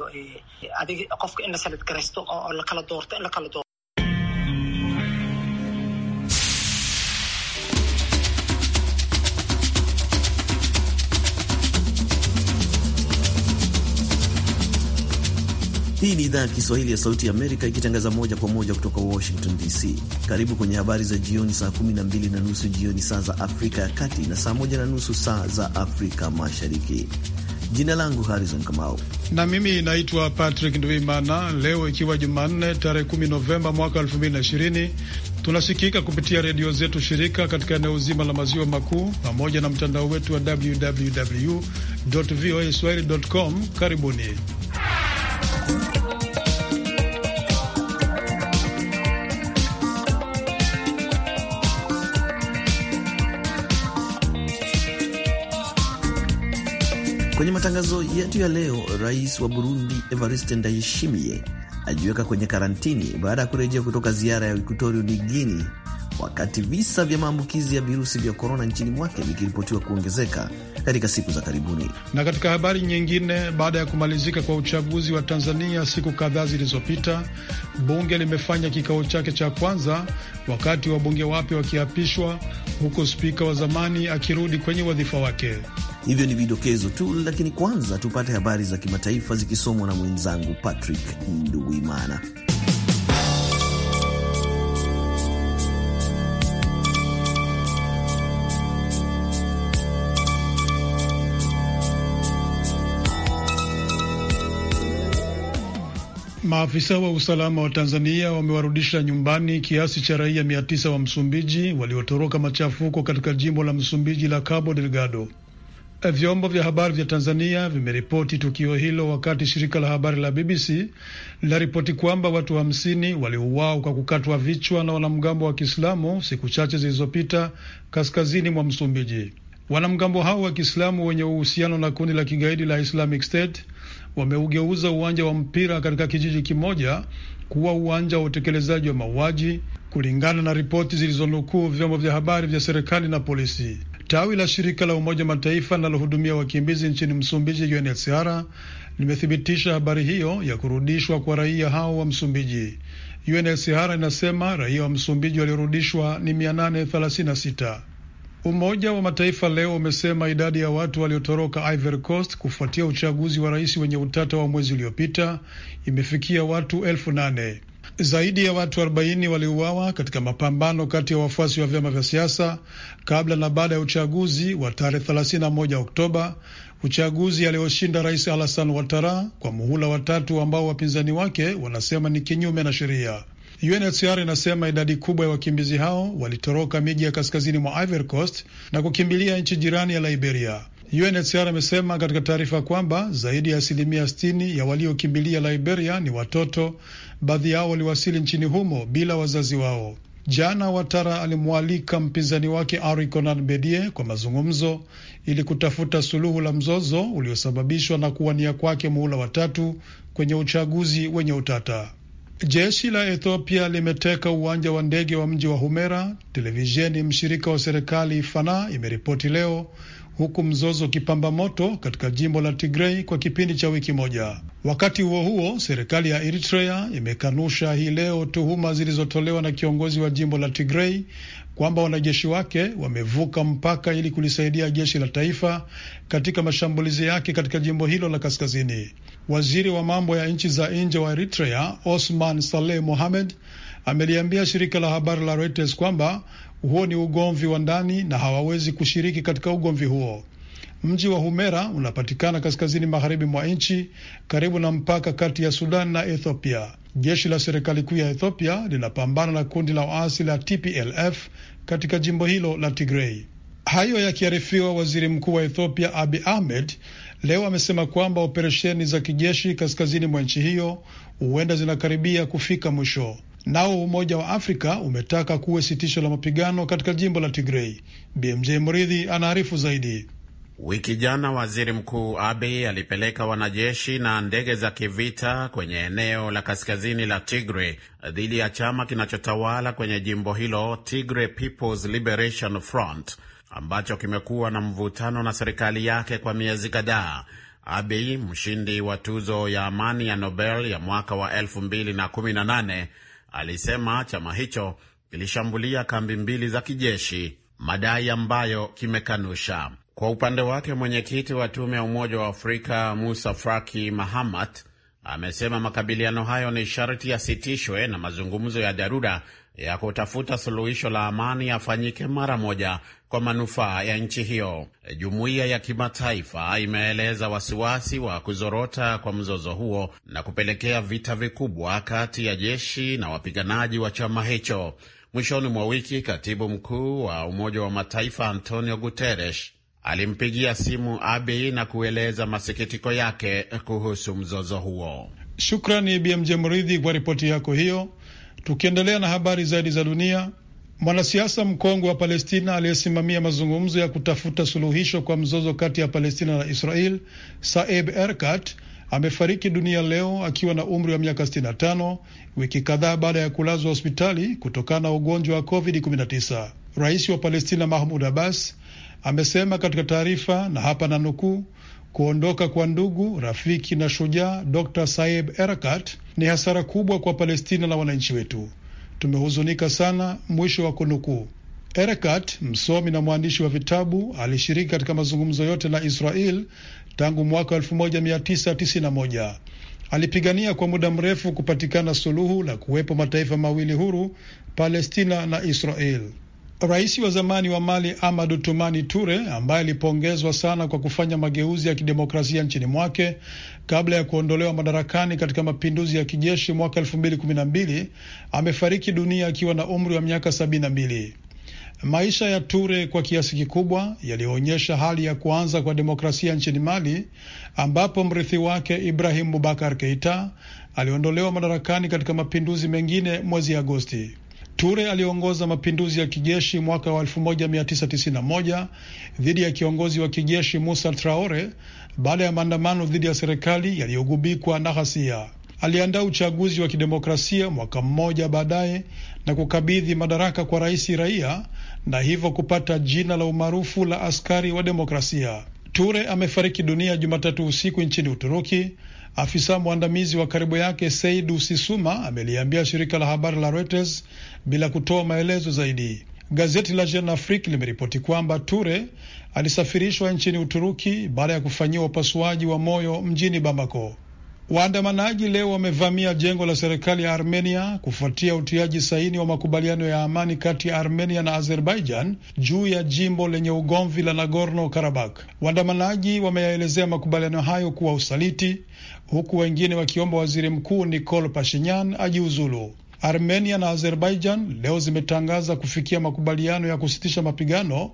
yimaado eh, adiga qofka in la sanad garaysto oo eh, eh, la kala doorto in la kala doorto Hii ni idhaa ya Kiswahili ya Sauti ya Amerika ikitangaza moja kwa moja kutoka Washington DC. Karibu kwenye habari za jioni, saa 12 na nusu jioni saa za Afrika ya Kati na saa 1 na nusu saa za Afrika Mashariki. Jina langu Harrison Kamau na mimi naitwa Patrick nduimana Leo ikiwa Jumanne tarehe kumi Novemba mwaka 2020 tunasikika kupitia redio zetu shirika katika eneo zima la maziwa makuu pamoja na mtandao wetu wa www voa swahili com. Karibuni. Kwenye matangazo yetu ya leo, rais wa Burundi Evariste Ndayishimiye alijiweka kwenye karantini baada ya kurejea kutoka ziara ya Equatorial Guinea, wakati visa vya maambukizi ya virusi vya korona nchini mwake vikiripotiwa kuongezeka katika siku za karibuni. Na katika habari nyingine, baada ya kumalizika kwa uchaguzi wa Tanzania siku kadhaa zilizopita, bunge limefanya kikao chake cha kwanza, wakati wabunge wapya wakiapishwa, huku spika wa zamani akirudi kwenye wadhifa wake. Hivyo ni vidokezo tu, lakini kwanza tupate habari za kimataifa zikisomwa na mwenzangu Patrick Nduwimana. Maafisa wa usalama wa Tanzania wamewarudisha nyumbani kiasi cha raia mia tisa wa Msumbiji waliotoroka machafuko katika jimbo la Msumbiji la Cabo Delgado. Eh, vyombo vya habari vya Tanzania vimeripoti tukio hilo wakati shirika la habari la BBC linaripoti kwamba watu hamsini waliuawa kwa kukatwa vichwa na wanamgambo wa Kiislamu siku chache zilizopita kaskazini mwa Msumbiji. Wanamgambo hao wa Kiislamu wenye uhusiano na kundi la kigaidi la Islamic State wameugeuza uwanja wa mpira katika kijiji kimoja kuwa uwanja wa utekelezaji wa mauaji, kulingana na ripoti zilizonukuu vyombo vya habari vya serikali na polisi. Tawi la shirika la Umoja Mataifa linalohudumia wakimbizi nchini Msumbiji, UNHCR, limethibitisha habari hiyo ya kurudishwa kwa raia hao wa Msumbiji. UNHCR inasema raia wa Msumbiji waliorudishwa ni 836. Umoja wa Mataifa leo umesema idadi ya watu waliotoroka Ivory Coast kufuatia uchaguzi wa rais wenye utata wa mwezi uliopita imefikia watu elfu nane. Zaidi ya watu 40 waliuawa katika mapambano kati ya wafuasi wa vyama vya siasa kabla na baada ya uchaguzi wa tarehe 31 Oktoba, uchaguzi alioshinda Rais Alassane Ouattara kwa muhula watatu ambao wapinzani wake wanasema ni kinyume na sheria. UNHCR inasema idadi kubwa ya wakimbizi hao walitoroka miji ya kaskazini mwa Ivory Coast na kukimbilia nchi jirani ya Liberia. UNHCR amesema katika taarifa kwamba zaidi ya asilimia 60 ya waliokimbilia Liberia ni watoto. Baadhi yao waliwasili nchini humo bila wazazi wao. Jana Watara alimwalika mpinzani wake Ari Conan Bedie kwa mazungumzo ili kutafuta suluhu la mzozo uliosababishwa na kuwania kwake muhula watatu kwenye uchaguzi wenye utata. Jeshi la Ethiopia limeteka uwanja wa ndege wa mji wa Humera, televisheni mshirika wa serikali Fana imeripoti leo huku mzozo ukipamba moto katika jimbo la Tigrei kwa kipindi cha wiki moja. Wakati huo huo, serikali ya Eritrea imekanusha hii leo tuhuma zilizotolewa na kiongozi wa jimbo la Tigrei kwamba wanajeshi wake wamevuka mpaka ili kulisaidia jeshi la taifa katika mashambulizi yake katika jimbo hilo la kaskazini. Waziri wa mambo ya nchi za nje wa Eritrea Osman Saleh Mohamed ameliambia shirika la habari la Reuters kwamba huo ni ugomvi wa ndani na hawawezi kushiriki katika ugomvi huo. Mji wa Humera unapatikana kaskazini magharibi mwa nchi karibu na mpaka kati ya Sudan na Ethiopia. Jeshi la serikali kuu ya Ethiopia linapambana na kundi la waasi la TPLF katika jimbo hilo la Tigrei. Hayo yakiarifiwa, waziri mkuu wa Ethiopia Abi Ahmed leo amesema kwamba operesheni za kijeshi kaskazini mwa nchi hiyo huenda zinakaribia kufika mwisho. Nao Umoja wa Afrika umetaka kuwe sitisho la mapigano katika jimbo la Tigrei. BMJ Mridhi anaarifu zaidi. Wiki jana waziri mkuu Abiy alipeleka wanajeshi na ndege za kivita kwenye eneo la kaskazini la Tigre dhidi ya chama kinachotawala kwenye jimbo hilo, Tigre People's Liberation Front, ambacho kimekuwa na mvutano na serikali yake kwa miezi kadhaa. Abiy, mshindi wa tuzo ya amani ya Nobel ya mwaka wa 2018 alisema chama hicho kilishambulia kambi mbili za kijeshi, madai ambayo kimekanusha. Kwa upande wake, mwenyekiti wa tume ya Umoja wa Afrika Musa Faki Mahamat amesema makabiliano hayo ni sharti yasitishwe na mazungumzo ya dharura ya kutafuta suluhisho la amani yafanyike mara moja kwa manufaa ya nchi hiyo. Jumuiya ya kimataifa imeeleza wasiwasi wa kuzorota kwa mzozo huo na kupelekea vita vikubwa kati ya jeshi na wapiganaji wa chama hicho. Mwishoni mwa wiki, katibu mkuu wa Umoja wa Mataifa Antonio Guterres alimpigia simu Abiy na kueleza masikitiko yake kuhusu mzozo huo. Shukrani BMJ Mridhi kwa ripoti yako hiyo. Tukiendelea na habari zaidi za dunia Mwanasiasa mkongwe wa Palestina aliyesimamia mazungumzo ya kutafuta suluhisho kwa mzozo kati ya Palestina na Israel, Saeb Erkat amefariki dunia leo akiwa na umri wa miaka 65 wiki kadhaa baada ya kulazwa hospitali kutokana na ugonjwa wa COVID-19. Rais wa Palestina Mahmud Abbas amesema katika taarifa, na hapa na nukuu, kuondoka kwa ndugu, rafiki na shujaa Dr Saeb Erkat ni hasara kubwa kwa Palestina na wananchi wetu. Tumehuzunika sana, mwisho wa kunukuu. Erekat, msomi na mwandishi wa vitabu, alishiriki katika mazungumzo yote na Israel tangu mwaka 1991. Alipigania kwa muda mrefu kupatikana suluhu la kuwepo mataifa mawili huru, Palestina na Israel. Rais wa zamani wa Mali Amadu Tumani Ture, ambaye alipongezwa sana kwa kufanya mageuzi ya kidemokrasia nchini mwake kabla ya kuondolewa madarakani katika mapinduzi ya kijeshi mwaka elfu mbili kumi na mbili, amefariki dunia akiwa na umri wa miaka sabini na mbili. Maisha ya Ture kwa kiasi kikubwa yaliyoonyesha hali ya kuanza kwa demokrasia nchini Mali, ambapo mrithi wake Ibrahim Bubakar Keita aliondolewa madarakani katika mapinduzi mengine mwezi Agosti. Ture aliongoza mapinduzi ya kijeshi mwaka wa 1991 dhidi ya kiongozi wa kijeshi Musa Traore baada ya maandamano dhidi ya serikali yaliyogubikwa na ghasia. Aliandaa uchaguzi wa kidemokrasia mwaka mmoja baadaye na kukabidhi madaraka kwa rais raia na hivyo kupata jina la umaarufu la askari wa demokrasia. Ture amefariki dunia Jumatatu usiku nchini Uturuki Afisa mwandamizi wa karibu yake Seidu Sisuma ameliambia shirika la habari la Reuters bila kutoa maelezo zaidi. Gazeti la Jeune Afrique limeripoti kwamba Ture alisafirishwa nchini Uturuki baada ya kufanyiwa upasuaji wa moyo mjini Bamako. Waandamanaji leo wamevamia jengo la serikali ya Armenia kufuatia utiaji saini wa makubaliano ya amani kati ya Armenia na Azerbaijan juu ya jimbo lenye ugomvi la Nagorno Karabakh. Waandamanaji wameyaelezea makubaliano hayo kuwa usaliti, huku wengine wakiomba waziri mkuu Nikol Pashinyan ajiuzulu. Armenia na Azerbaijan leo zimetangaza kufikia makubaliano ya kusitisha mapigano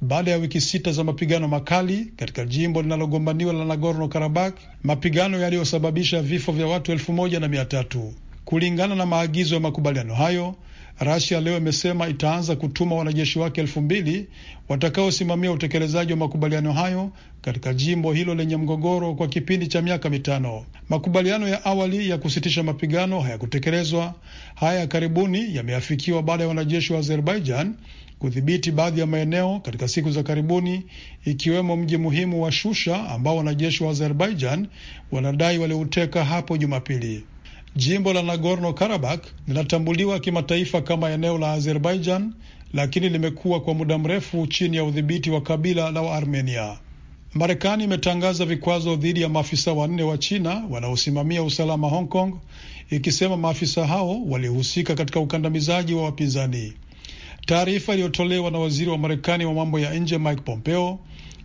baada ya wiki sita za mapigano makali katika jimbo linalogombaniwa la Nagorno Karabakh, mapigano yaliyosababisha vifo vya watu elfu moja na mia tatu kulingana na maagizo ya makubaliano hayo. Rasia leo imesema itaanza kutuma wanajeshi wake elfu mbili watakaosimamia utekelezaji wa makubaliano hayo katika jimbo hilo lenye mgogoro kwa kipindi cha miaka mitano. Makubaliano ya awali ya kusitisha mapigano hayakutekelezwa. Haya ya karibuni yameafikiwa baada ya wanajeshi wa Azerbaijan kudhibiti baadhi ya maeneo katika siku za karibuni, ikiwemo mji muhimu wa Shusha ambao wanajeshi wa Azerbaijan wanadai waliuteka hapo Jumapili. Jimbo la Nagorno Karabakh linatambuliwa kimataifa kama eneo la Azerbaijan, lakini limekuwa kwa muda mrefu chini ya udhibiti wa kabila la Waarmenia. Marekani imetangaza vikwazo dhidi ya maafisa wanne wa China wanaosimamia usalama Hong Kong, ikisema maafisa hao walihusika katika ukandamizaji wa wapinzani. Taarifa iliyotolewa na waziri wa Marekani wa mambo ya nje Mike Pompeo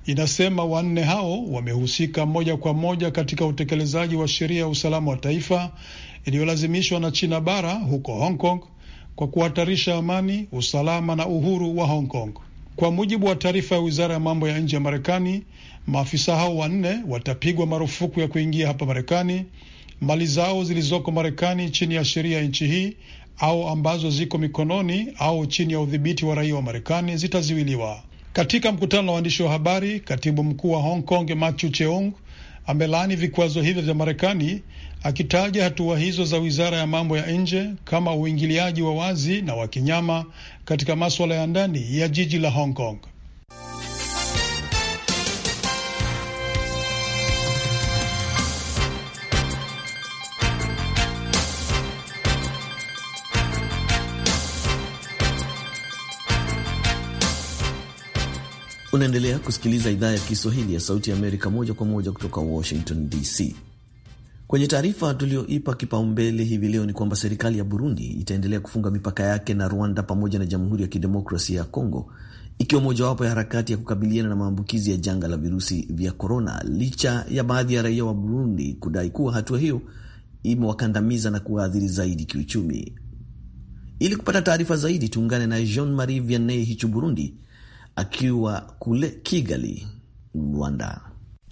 inasema wanne hao wamehusika moja kwa moja katika utekelezaji wa sheria ya usalama wa taifa iliyolazimishwa na China bara huko Hong Kong kwa kuhatarisha amani, usalama na uhuru wa Hong Kong. Kwa mujibu wa taarifa ya wizara ya mambo ya nje ya Marekani, maafisa hao wanne watapigwa marufuku ya kuingia hapa Marekani. Mali zao zilizoko Marekani chini ya sheria ya nchi hii au ambazo ziko mikononi au chini ya udhibiti wa raia wa Marekani zitaziwiliwa. Katika mkutano na waandishi wa habari, katibu mkuu wa Hong Kong Matthew Cheung amelaani vikwazo hivyo vya Marekani akitaja hatua hizo za wizara ya mambo ya nje kama uingiliaji wa wazi na wa kinyama katika maswala ya ndani ya jiji la Hong Kong. Unaendelea kusikiliza idhaa ya Kiswahili ya Sauti ya Amerika moja kwa moja kutoka Washington DC. Kwenye taarifa tuliyoipa kipaumbele hivi leo ni kwamba serikali ya Burundi itaendelea kufunga mipaka yake na Rwanda pamoja na Jamhuri ya Kidemokrasia ya Kongo, ikiwa mojawapo ya harakati ya kukabiliana na maambukizi ya janga la virusi vya korona, licha ya baadhi ya raia wa Burundi kudai kuwa hatua hiyo imewakandamiza na kuwaathiri zaidi kiuchumi. Ili kupata taarifa zaidi, tuungane na Jean Marie Vianney Hichu Burundi akiwa kule Kigali, Rwanda.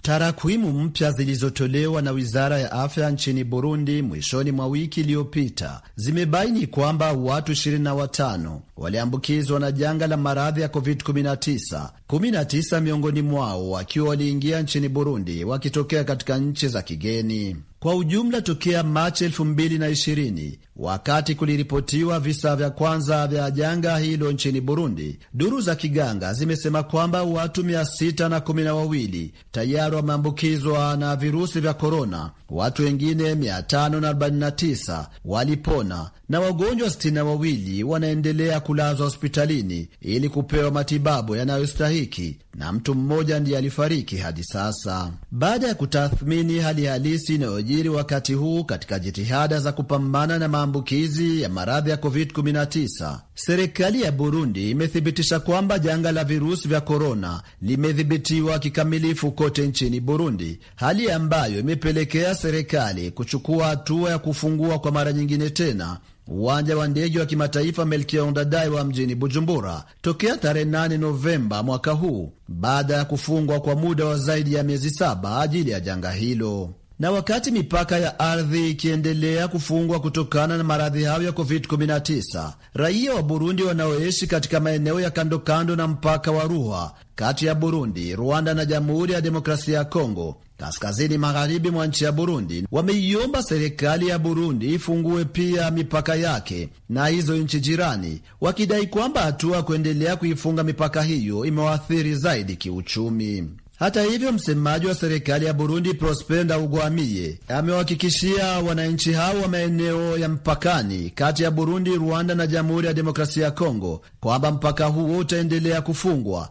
Tarakwimu mpya zilizotolewa na wizara ya afya nchini Burundi mwishoni mwa wiki iliyopita zimebaini kwamba watu 25 waliambukizwa na janga la maradhi ya COVID-19, 19 miongoni mwao wakiwa waliingia nchini Burundi wakitokea katika nchi za kigeni kwa ujumla tokea Machi 220 wakati kuliripotiwa visa vya kwanza vya janga hilo nchini Burundi. Duru za kiganga zimesema kwamba watu 612 tayari wameambukizwa na virusi vya korona, watu wengine 549 walipona na wagonjwa 62 wanaendelea kulazwa hospitalini ili kupewa matibabu yanayostahiki, na mtu mmoja ndiye alifariki hadi sasa. Baada ya kutathmini hali halisi inayojiri wakati huu katika jitihada za kupambana na maambukizi ya maradhi ya COVID-19, serikali ya Burundi imethibitisha kwamba janga la virusi vya korona limedhibitiwa kikamilifu kote nchini Burundi, hali ambayo imepelekea serikali kuchukua hatua ya kufungua kwa mara nyingine tena uwanja wa ndege wa kimataifa Dadai wa mjini Bujumbura tokea tarehe 8 Novemba mwaka huu baada ya kufungwa kwa muda wa zaidi ya miezi saba ajili ya janga hilo. Na wakati mipaka ya ardhi ikiendelea kufungwa kutokana na maradhi hayo ya COVID-19, raia wa Burundi wanaoishi katika maeneo ya kando kando na mpaka wa ruwa kati ya Burundi, Rwanda na Jamhuri ya Demokrasia ya Kongo, kaskazini magharibi mwa nchi ya Burundi, wameiomba serikali ya Burundi ifungue pia mipaka yake na hizo nchi jirani, wakidai kwamba hatua kuendelea kuifunga mipaka hiyo imewaathiri zaidi kiuchumi. Hata hivyo, msemaji wa serikali ya Burundi Prosper Ndawugwamiye amewahakikishia wananchi hao wa maeneo ya mpakani kati ya Burundi, Rwanda na Jamhuri ya Demokrasia ya Kongo kwamba mpaka huo utaendelea kufungwa.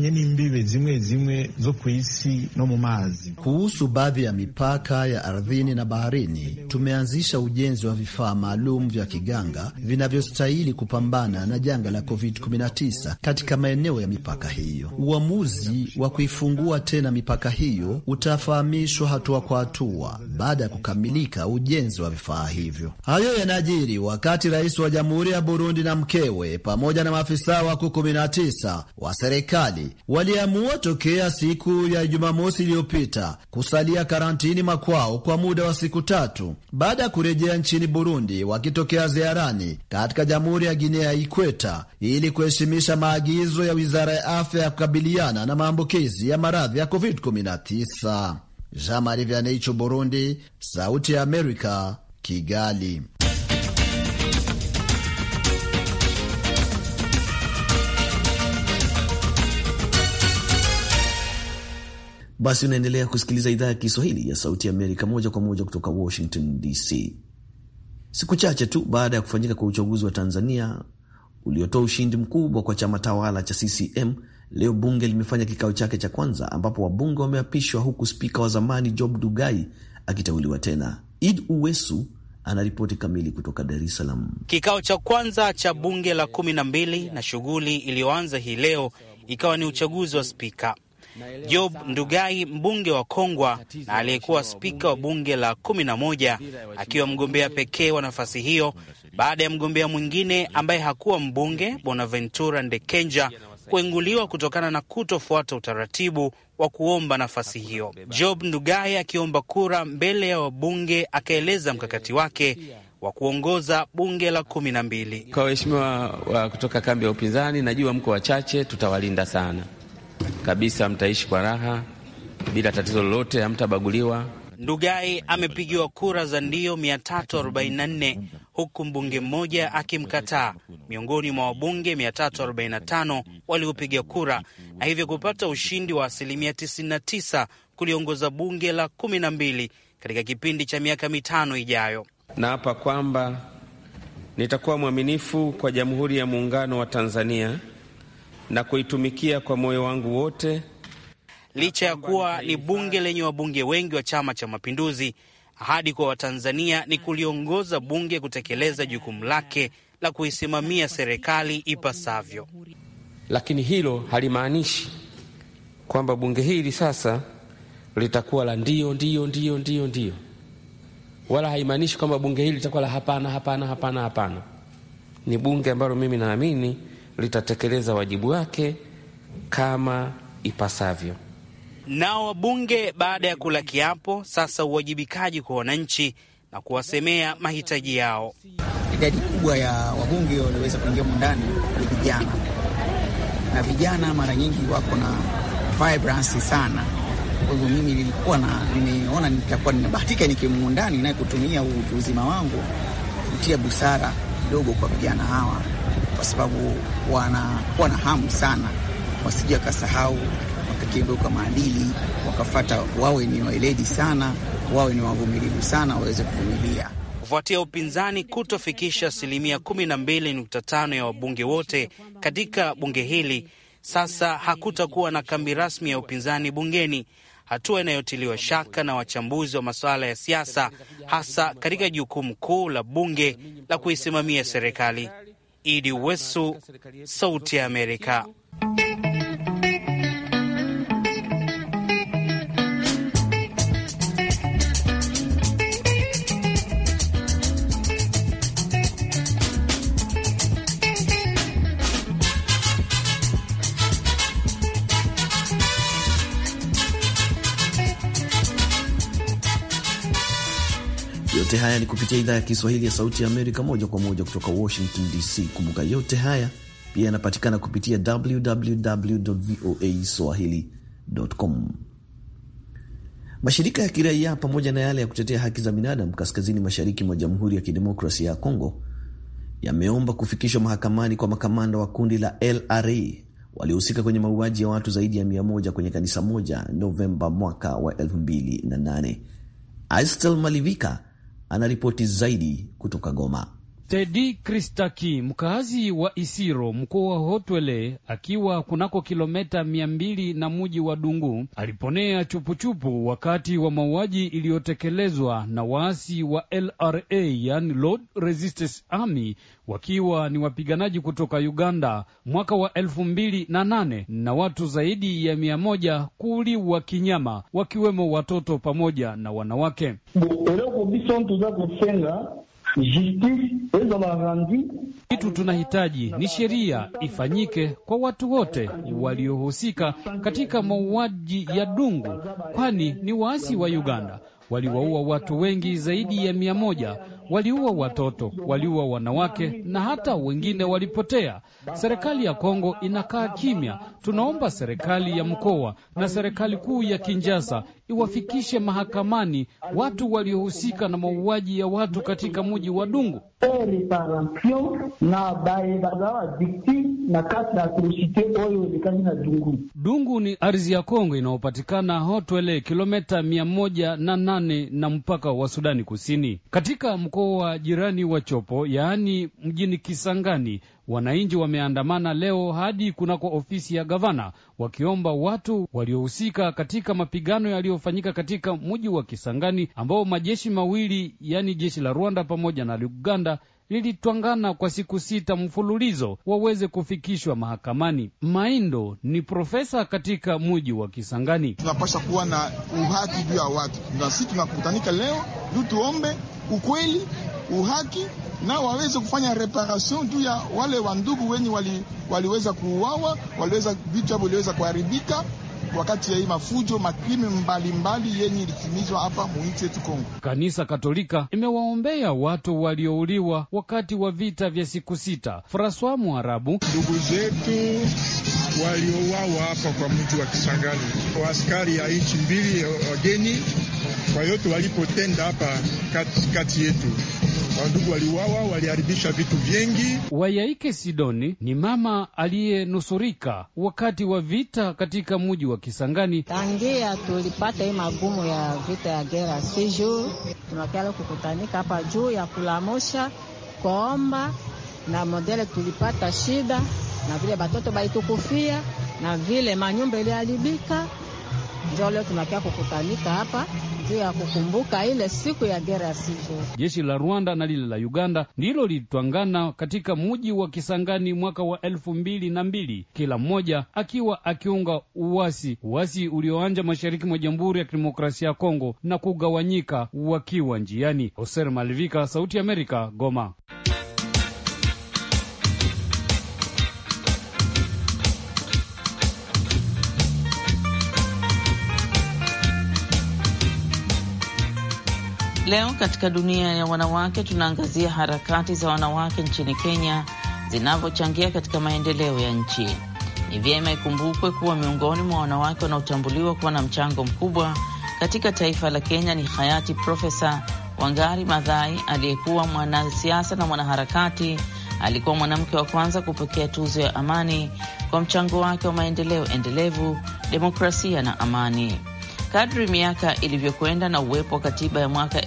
ni mbibe zimwe zimwe zo kuisi no mumazi kuhusu baadhi ya mipaka ya ardhini na baharini, tumeanzisha ujenzi wa vifaa maalum vya kiganga vinavyostahili kupambana na janga la COVID-19 katika maeneo ya mipaka hiyo. Uamuzi wa kuifungua kufungua tena mipaka hiyo utafahamishwa hatua kwa hatua baada ya kukamilika ujenzi wa vifaa hivyo. Hayo yanajiri wakati rais wa Jamhuri ya Burundi na mkewe pamoja na maafisa wakuu 19 wa serikali waliamua tokea siku ya Jumamosi iliyopita kusalia karantini makwao kwa muda wa siku tatu baada ya kurejea nchini Burundi wakitokea ziarani katika Jamhuri ya Guinea ya Ikweta ili kuheshimisha maagizo ya Wizara ya Afya ya kukabiliana na maambukizi ya maradhi ya COVID-19. Jean Marie Vianney Cho, Burundi, Sauti ya Amerika, Kigali. Basi unaendelea kusikiliza idhaa ya Kiswahili ya Sauti Amerika moja kwa moja kutoka Washington DC. Siku chache tu baada ya kufanyika kwa uchaguzi wa Tanzania uliotoa ushindi mkubwa kwa chama tawala cha CCM, Leo bunge limefanya kikao chake cha kwanza ambapo wabunge wameapishwa huku spika wa zamani Job Dugai akiteuliwa tena. Id Uwesu anaripoti kamili kutoka Dar es Salaam. Kikao cha kwanza cha bunge la kumi na mbili na shughuli iliyoanza hii leo ikawa ni uchaguzi wa spika. Job Ndugai, mbunge wa Kongwa na aliyekuwa spika wa bunge la kumi na moja, akiwa mgombea pekee wa nafasi hiyo baada ya mgombea mwingine ambaye hakuwa mbunge Bonaventura Ndekenja kuenguliwa kutokana na kutofuata utaratibu wa kuomba nafasi hiyo. Job Ndugai akiomba kura mbele ya wabunge akaeleza mkakati wake wa kuongoza bunge la kumi na mbili. Kwa waheshimiwa kutoka kambi ya upinzani, najua mko wachache, tutawalinda sana kabisa, mtaishi kwa raha bila tatizo lolote, hamtabaguliwa Ndugai amepigiwa kura za ndio 344 huku mbunge mmoja akimkataa miongoni mwa wabunge 345 waliopiga kura na hivyo kupata ushindi wa asilimia 99 kuliongoza bunge la 12 katika kipindi cha miaka mitano ijayo. hapa kwamba nitakuwa mwaminifu kwa Jamhuri ya Muungano wa Tanzania na kuitumikia kwa moyo wangu wote licha ya kuwa ni bunge lenye wabunge wengi wa Chama cha Mapinduzi. Ahadi kwa Watanzania ni hmm. kuliongoza bunge kutekeleza jukumu lake la kuisimamia serikali ipasavyo. Lakini hilo halimaanishi kwamba bunge hili sasa litakuwa la ndio ndio ndio ndio ndio, wala haimaanishi kwamba bunge hili litakuwa la hapana hapana hapana hapana. Ni bunge ambalo mimi naamini litatekeleza wajibu wake kama ipasavyo. Nao wabunge baada ya kula kiapo, sasa uwajibikaji kwa wananchi na kuwasemea mahitaji yao. Idadi kubwa ya wabunge walioweza kuingia mundani ni vijana, na vijana mara nyingi wako na vibransi sana. Kwa hivyo mimi nilikuwa na nimeona nitakuwa nimebahatika nikimundani naye kutumia uzima wangu kutia busara kidogo kwa vijana hawa, kwa sababu wanakuwa na hamu sana, wasije wakasahau wakiondoka maadili, wakafata wawe ni waeledi sana, wawe ni wavumilivu sana, waweze kuvumilia kufuatia upinzani kutofikisha asilimia 12.5 ya wabunge wote katika bunge hili. Sasa hakutakuwa na kambi rasmi ya upinzani bungeni, hatua inayotiliwa shaka na wachambuzi wa masuala ya siasa, hasa katika jukumu kuu la bunge la kuisimamia serikali. Idi Wesu, Sauti ya Amerika. Yote haya ni kupitia idhaa ya Kiswahili ya Sauti ya Amerika, moja kwa moja kutoka Washington DC. Kumbuka yote haya pia yanapatikana kupitia www voa swahili.com. Mashirika ya kiraia pamoja na yale ya kutetea haki za binadamu kaskazini mashariki mwa Jamhuri ya Kidemokrasia ya Kongo yameomba kufikishwa mahakamani kwa makamanda wa kundi la LRA waliohusika kwenye mauaji ya watu zaidi ya 1 kwenye kanisa moja Novemba mwaka wa 28 Aistel Malivika anaripoti zaidi kutoka Goma. Tedi Kristaki, mkazi wa Isiro, mkoa wa Hotwele, akiwa kunako kilometa mia mbili na muji wa Dungu, aliponea chupuchupu wakati wa mauaji iliyotekelezwa na waasi wa LRA, yani Lord Resistance Army, wakiwa ni wapiganaji kutoka Uganda mwaka wa elfu mbili na nane na watu zaidi ya mia moja kuuliwa kinyama, wakiwemo watoto pamoja na wanawake. Bo, kitu tunahitaji ni sheria ifanyike kwa watu wote waliohusika katika mauaji ya Dungu, kwani ni waasi wa Uganda waliwaua watu wengi zaidi ya mia moja. Waliua watoto, waliua wanawake na hata wengine walipotea. Serikali ya Kongo inakaa kimya. Tunaomba serikali ya mkoa na serikali kuu ya kinjasa iwafikishe mahakamani watu waliohusika na mauaji ya watu katika mji wa Dungu. Dungu ni ardhi ya Kongo inayopatikana Hotwele, kilometa mia moja na nane na mpaka wa Sudani Kusini, katika mkoa wa jirani wa Chopo, yaani mjini Kisangani Wananchi wameandamana leo hadi kunako ofisi ya gavana wakiomba watu waliohusika katika mapigano yaliyofanyika katika mji wa Kisangani ambao majeshi mawili yaani jeshi la Rwanda pamoja na Uganda lilitwangana kwa siku sita mfululizo waweze kufikishwa mahakamani. Maindo ni profesa katika muji wa Kisangani. tunapasha kuwa na uhaki juu ya watu, na sisi tunakutanika leo juu tuombe ukweli, uhaki na waweze kufanya reparation tu ya wale wandugu wenye wali, waliweza kuuawa, waliweza vitu hapo iliweza kuharibika wakati ya hii mafujo makrimi mbalimbali yenye ilitimizwa hapa muinchi yetu Kongo. Kanisa Katolika imewaombea watu waliouliwa wakati wa vita vya siku sita. Francois Mwarabu, ndugu zetu waliouawa hapa kwa mji wa Kisangani, askari ya nchi mbili wageni, kwa yote walipotenda hapa kati, kati yetu wandugu waliwawa, waliharibisha vitu vingi. Wayaike Sidoni ni mama aliyenusurika wakati wa vita katika muji wa Kisangani. Tangia tulipata hii magumu ya vita ya gera siju, tunakala kukutanika hapa juu ya kulamusha kuomba na modele, tulipata shida na vile batoto baitukufia na vile manyumba iliharibika ndio leo tunakia kukutanika hapa juu ya kukumbuka ile siku ya gera ya Siju. Jeshi la Rwanda na lile la Uganda ndilo lilitwangana katika muji wa Kisangani mwaka wa elfu mbili na mbili, kila mmoja akiwa akiunga uwasi uwasi ulioanja mashariki mwa Jamhuri ya Kidemokrasia ya Kongo na kugawanyika wakiwa njiani. Hoser Malivika, Sauti ya Amerika, Goma. Leo katika dunia ya wanawake tunaangazia harakati za wanawake nchini Kenya zinavyochangia katika maendeleo ya nchi. Ni vyema ikumbukwe kuwa miongoni mwa wanawake wanaotambuliwa kuwa na mchango mkubwa katika taifa la Kenya ni hayati Profesa Wangari madhai aliyekuwa mwanasiasa na mwanaharakati. Alikuwa mwanamke wa kwanza kupokea tuzo ya amani kwa mchango wake wa maendeleo endelevu, demokrasia na amani. Kadri miaka ilivyokwenda na uwepo wa katiba ya mwaka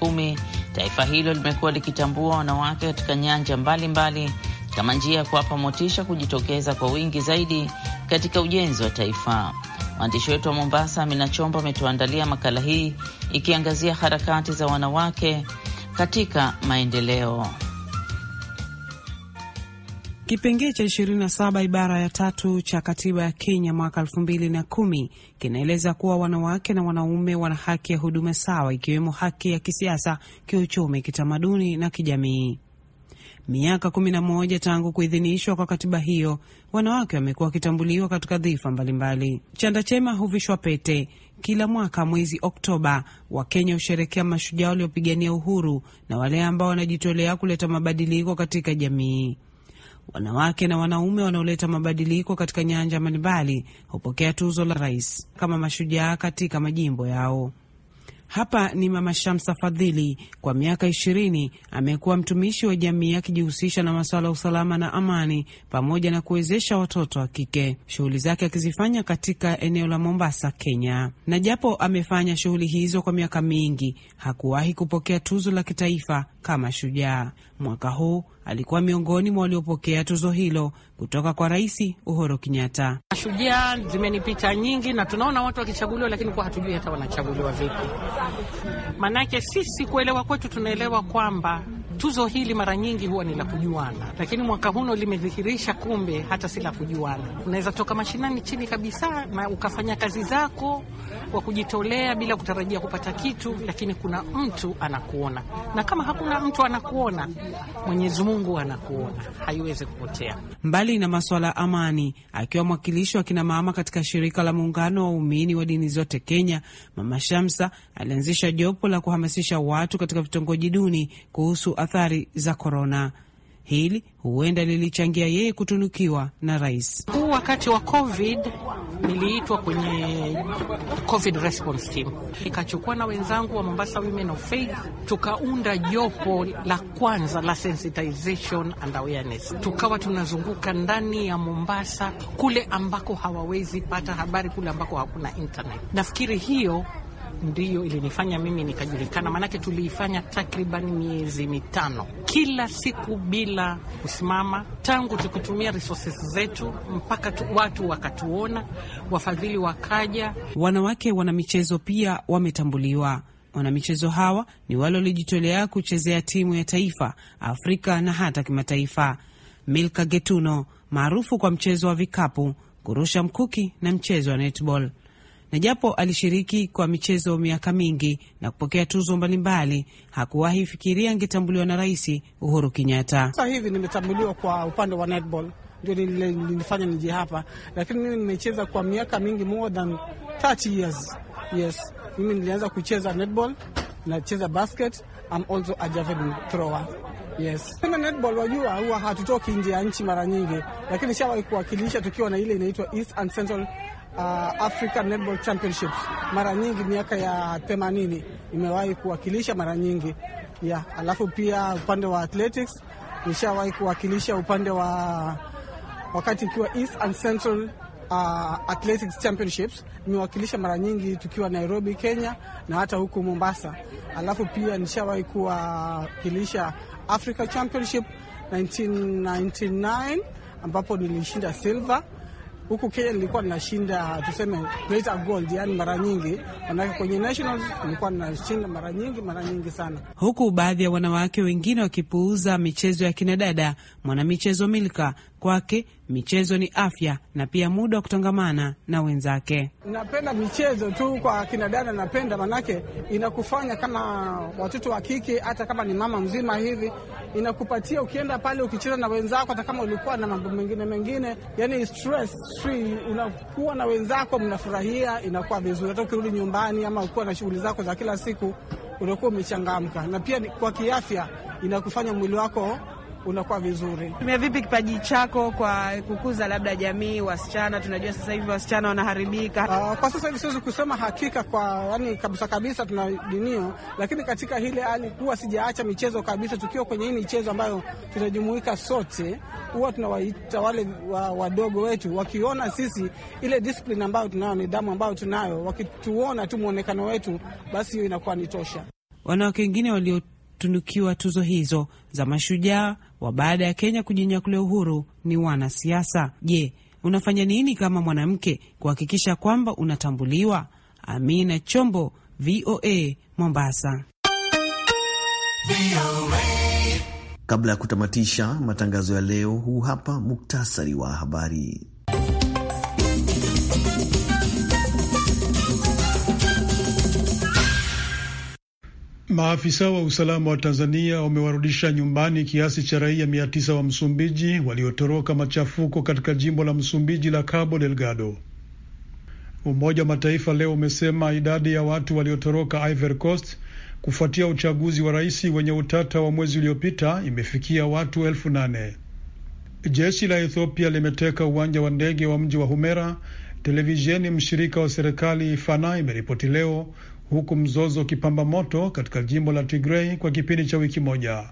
kumi, taifa hilo limekuwa likitambua wanawake katika nyanja mbalimbali mbali, kama njia ya kuwapa motisha kujitokeza kwa wingi zaidi katika ujenzi wa taifa. Mwandishi wetu wa Mombasa, Amina Chombo, ametuandalia makala hii ikiangazia harakati za wanawake katika maendeleo. Kipengee cha 27 ibara ya tatu cha katiba ya Kenya mwaka 21 kinaeleza kuwa wanawake na wanaume wana haki ya huduma sawa, ikiwemo haki ya kisiasa, kiuchumi, kitamaduni na kijamii. Miaka 11 tangu kuidhinishwa kwa katiba hiyo, wanawake wamekuwa wakitambuliwa katika dhifa mbalimbali. chandachema huvishwa pete kila mwaka mwezi Oktoba. Wakenya husherekea mashujaa waliopigania uhuru na wale ambao wanajitolea kuleta mabadiliko katika jamii. Wanawake na wanaume wanaoleta mabadiliko katika nyanja mbalimbali hupokea tuzo la rais kama mashujaa katika majimbo yao. Hapa ni Mama Shamsa Fadhili, kwa miaka ishirini amekuwa mtumishi wa jamii akijihusisha na masuala ya usalama na amani pamoja na kuwezesha watoto wa kike, shughuli zake akizifanya katika eneo la Mombasa, Kenya. Na japo amefanya shughuli hizo kwa miaka mingi, hakuwahi kupokea tuzo la kitaifa kama shujaa. Mwaka huu alikuwa miongoni mwa waliopokea tuzo hilo kutoka kwa Rais Uhuru Kenyatta. Shujaa zimenipita nyingi, na tunaona watu wakichaguliwa, lakini kuwa hatujui hata wanachaguliwa vipi Manake sisi kuelewa kwetu tunaelewa kwamba Tuzo hili mara nyingi huwa ni la kujuana, lakini mwaka huno limedhihirisha kumbe hata si la kujuana. Unaweza toka mashinani chini kabisa na ukafanya kazi zako kwa kujitolea bila kutarajia kupata kitu, lakini kuna mtu anakuona, na kama hakuna mtu anakuona, Mwenyezi Mungu anakuona, haiwezi kupotea. Mbali na maswala ya amani, akiwa mwakilishi wa kinamama katika shirika la muungano wa waumini wa dini zote Kenya, Mama Shamsa alianzisha jopo la kuhamasisha watu katika vitongoji duni kuhusu athari za korona. Hili huenda lilichangia yeye kutunukiwa na rais. Huu wakati wa COVID niliitwa kwenye COVID response team, nikachukua na wenzangu wa Mombasa Women of Faith, tukaunda jopo la kwanza la sensitization and awareness. Tukawa tunazunguka ndani ya Mombasa, kule ambako hawawezi pata habari, kule ambako hakuna internet. Nafikiri hiyo ndiyo ilinifanya mimi nikajulikana, maanake tuliifanya takriban miezi mitano kila siku bila kusimama, tangu tukitumia resources zetu mpaka tu, watu wakatuona, wafadhili wakaja. Wanawake wanamichezo pia wametambuliwa. Wanamichezo hawa ni wale waliojitolea kuchezea timu ya taifa Afrika na hata kimataifa. Milka Getuno maarufu kwa mchezo wa vikapu, kurusha mkuki na mchezo wa netball na japo alishiriki kwa michezo miaka mingi na kupokea tuzo mbalimbali, hakuwahi fikiria angetambuliwa na Rais Uhuru Kenyatta. Sasa hivi nimetambuliwa kwa upande wa netball, ndio linifanya nije hapa, lakini mimi nimecheza kwa miaka mingi, more than 30 years. Yes, mimi nilianza kucheza netball, nacheza basket, I'm also a javelin thrower. Yes. Kama netball wajua huwa hatutoki nje ya nchi mara nyingi, lakini shawahi kuwakilisha tukiwa na ile inaitwa East and Central uh, African Netball Championships mara nyingi, miaka ya themanini imewahi kuwakilisha mara nyingi yeah. Alafu pia upande wa athletics nishawahi kuwakilisha upande wa wakati ikiwa East and Central Uh, Athletics Championships imewakilisha mara nyingi tukiwa Nairobi, Kenya na hata huku Mombasa. Alafu pia nishawahi kuwakilisha Africa Championship 1999 ambapo nilishinda silver huku Kenya nilikuwa ninashinda tuseme plate of gold, yani mara nyingi, manake kwenye nationals nilikuwa ninashinda mara nyingi mara nyingi sana, huku baadhi ya wanawake wengine wakipuuza michezo ya kinadada. Mwanamichezo Milka Kwake michezo ni afya na pia muda wa kutangamana na wenzake. Napenda michezo tu kwa kina dada, napenda manake inakufanya kama watoto wa kike, hata kama ni mama mzima hivi, inakupatia ukienda pale ukicheza na wenzako, hata kama ulikuwa na mambo mengine mengine, yani stress free, unakuwa na wenzako, mnafurahia, inakuwa vizuri. Hata ukirudi nyumbani ama ukuwa na shughuli zako za kila siku, unakuwa umechangamka, na pia kwa kiafya inakufanya mwili wako unakuwa vizuri. Tumia vipi kipaji chako kwa kukuza labda jamii, wasichana? Tunajua sasa hivi wasichana wanaharibika. Uh, kwa sasa hivi siwezi kusema hakika kwa yani kabisa kabisa tuna dinio, lakini katika hile hali huwa sijaacha michezo kabisa. Tukiwa kwenye hii michezo ambayo tunajumuika sote, huwa tunawaita wale wa, wadogo wetu, wakiona sisi ile discipline ambayo tunayo, nidhamu ambayo tunayo, wakituona tu mwonekano wetu, basi hiyo inakuwa ni tosha. Wanawake wengine waliotunukiwa tuzo hizo za mashujaa wa baada ya Kenya kujinyakulia uhuru ni wanasiasa. Je, unafanya nini kama mwanamke kuhakikisha kwamba unatambuliwa? Amina Chombo, VOA, Mombasa. Kabla ya kutamatisha matangazo ya leo, huu hapa muktasari wa habari. Maafisa wa usalama wa Tanzania wamewarudisha nyumbani kiasi cha raia mia tisa wa Msumbiji waliotoroka machafuko katika jimbo la Msumbiji la Cabo Delgado. Umoja wa Mataifa leo umesema idadi ya watu waliotoroka Ivory Coast kufuatia uchaguzi wa rais wenye utata wa mwezi uliopita imefikia watu elfu nane. Jeshi la Ethiopia limeteka uwanja wa ndege wa mji wa Humera Televisheni mshirika wa serikali Fana imeripoti leo, huku mzozo ukipamba moto katika jimbo la Tigrei kwa kipindi cha wiki moja.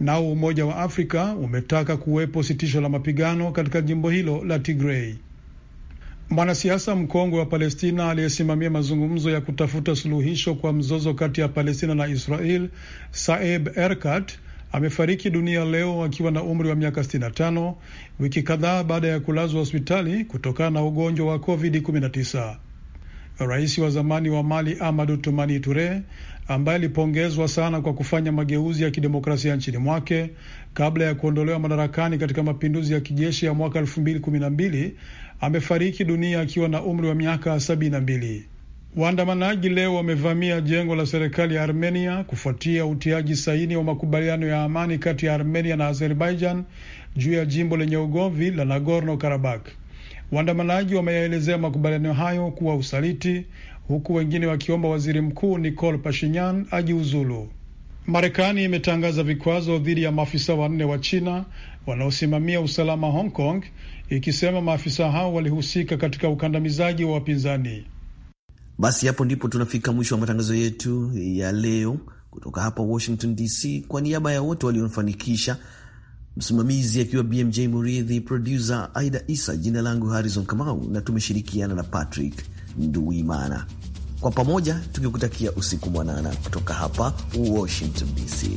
Nao Umoja wa Afrika umetaka kuwepo sitisho la mapigano katika jimbo hilo la Tigrei. Mwanasiasa mkongwe wa Palestina aliyesimamia mazungumzo ya kutafuta suluhisho kwa mzozo kati ya Palestina na Israel, Saeb Erkat amefariki dunia leo akiwa na umri wa miaka 65 wiki kadhaa baada ya kulazwa hospitali kutokana na ugonjwa wa COVID-19. Rais wa zamani wa Mali Amadu Tumani Ture, ambaye alipongezwa sana kwa kufanya mageuzi ya kidemokrasia nchini mwake kabla ya kuondolewa madarakani katika mapinduzi ya kijeshi ya mwaka 2012, amefariki dunia akiwa na umri wa miaka 72. Waandamanaji leo wamevamia jengo la serikali ya Armenia kufuatia utiaji saini wa makubaliano ya amani kati ya Armenia na Azerbaijan juu ya jimbo lenye ugomvi la Nagorno Karabakh. Waandamanaji wameyaelezea makubaliano hayo kuwa usaliti, huku wengine wakiomba waziri mkuu Nikol Pashinyan ajiuzulu. Marekani imetangaza vikwazo dhidi ya maafisa wanne wa China wanaosimamia usalama Hong Kong, ikisema maafisa hao walihusika katika ukandamizaji wa wapinzani. Basi hapo ndipo tunafika mwisho wa matangazo yetu ya leo kutoka hapa Washington DC. Kwa niaba ya wote waliofanikisha, msimamizi akiwa BMJ Muridhi, produsa Aida Isa, jina langu Harrison Kamau na tumeshirikiana na Patrick nduimana kwa pamoja tukikutakia usiku mwanana kutoka hapa Washington DC.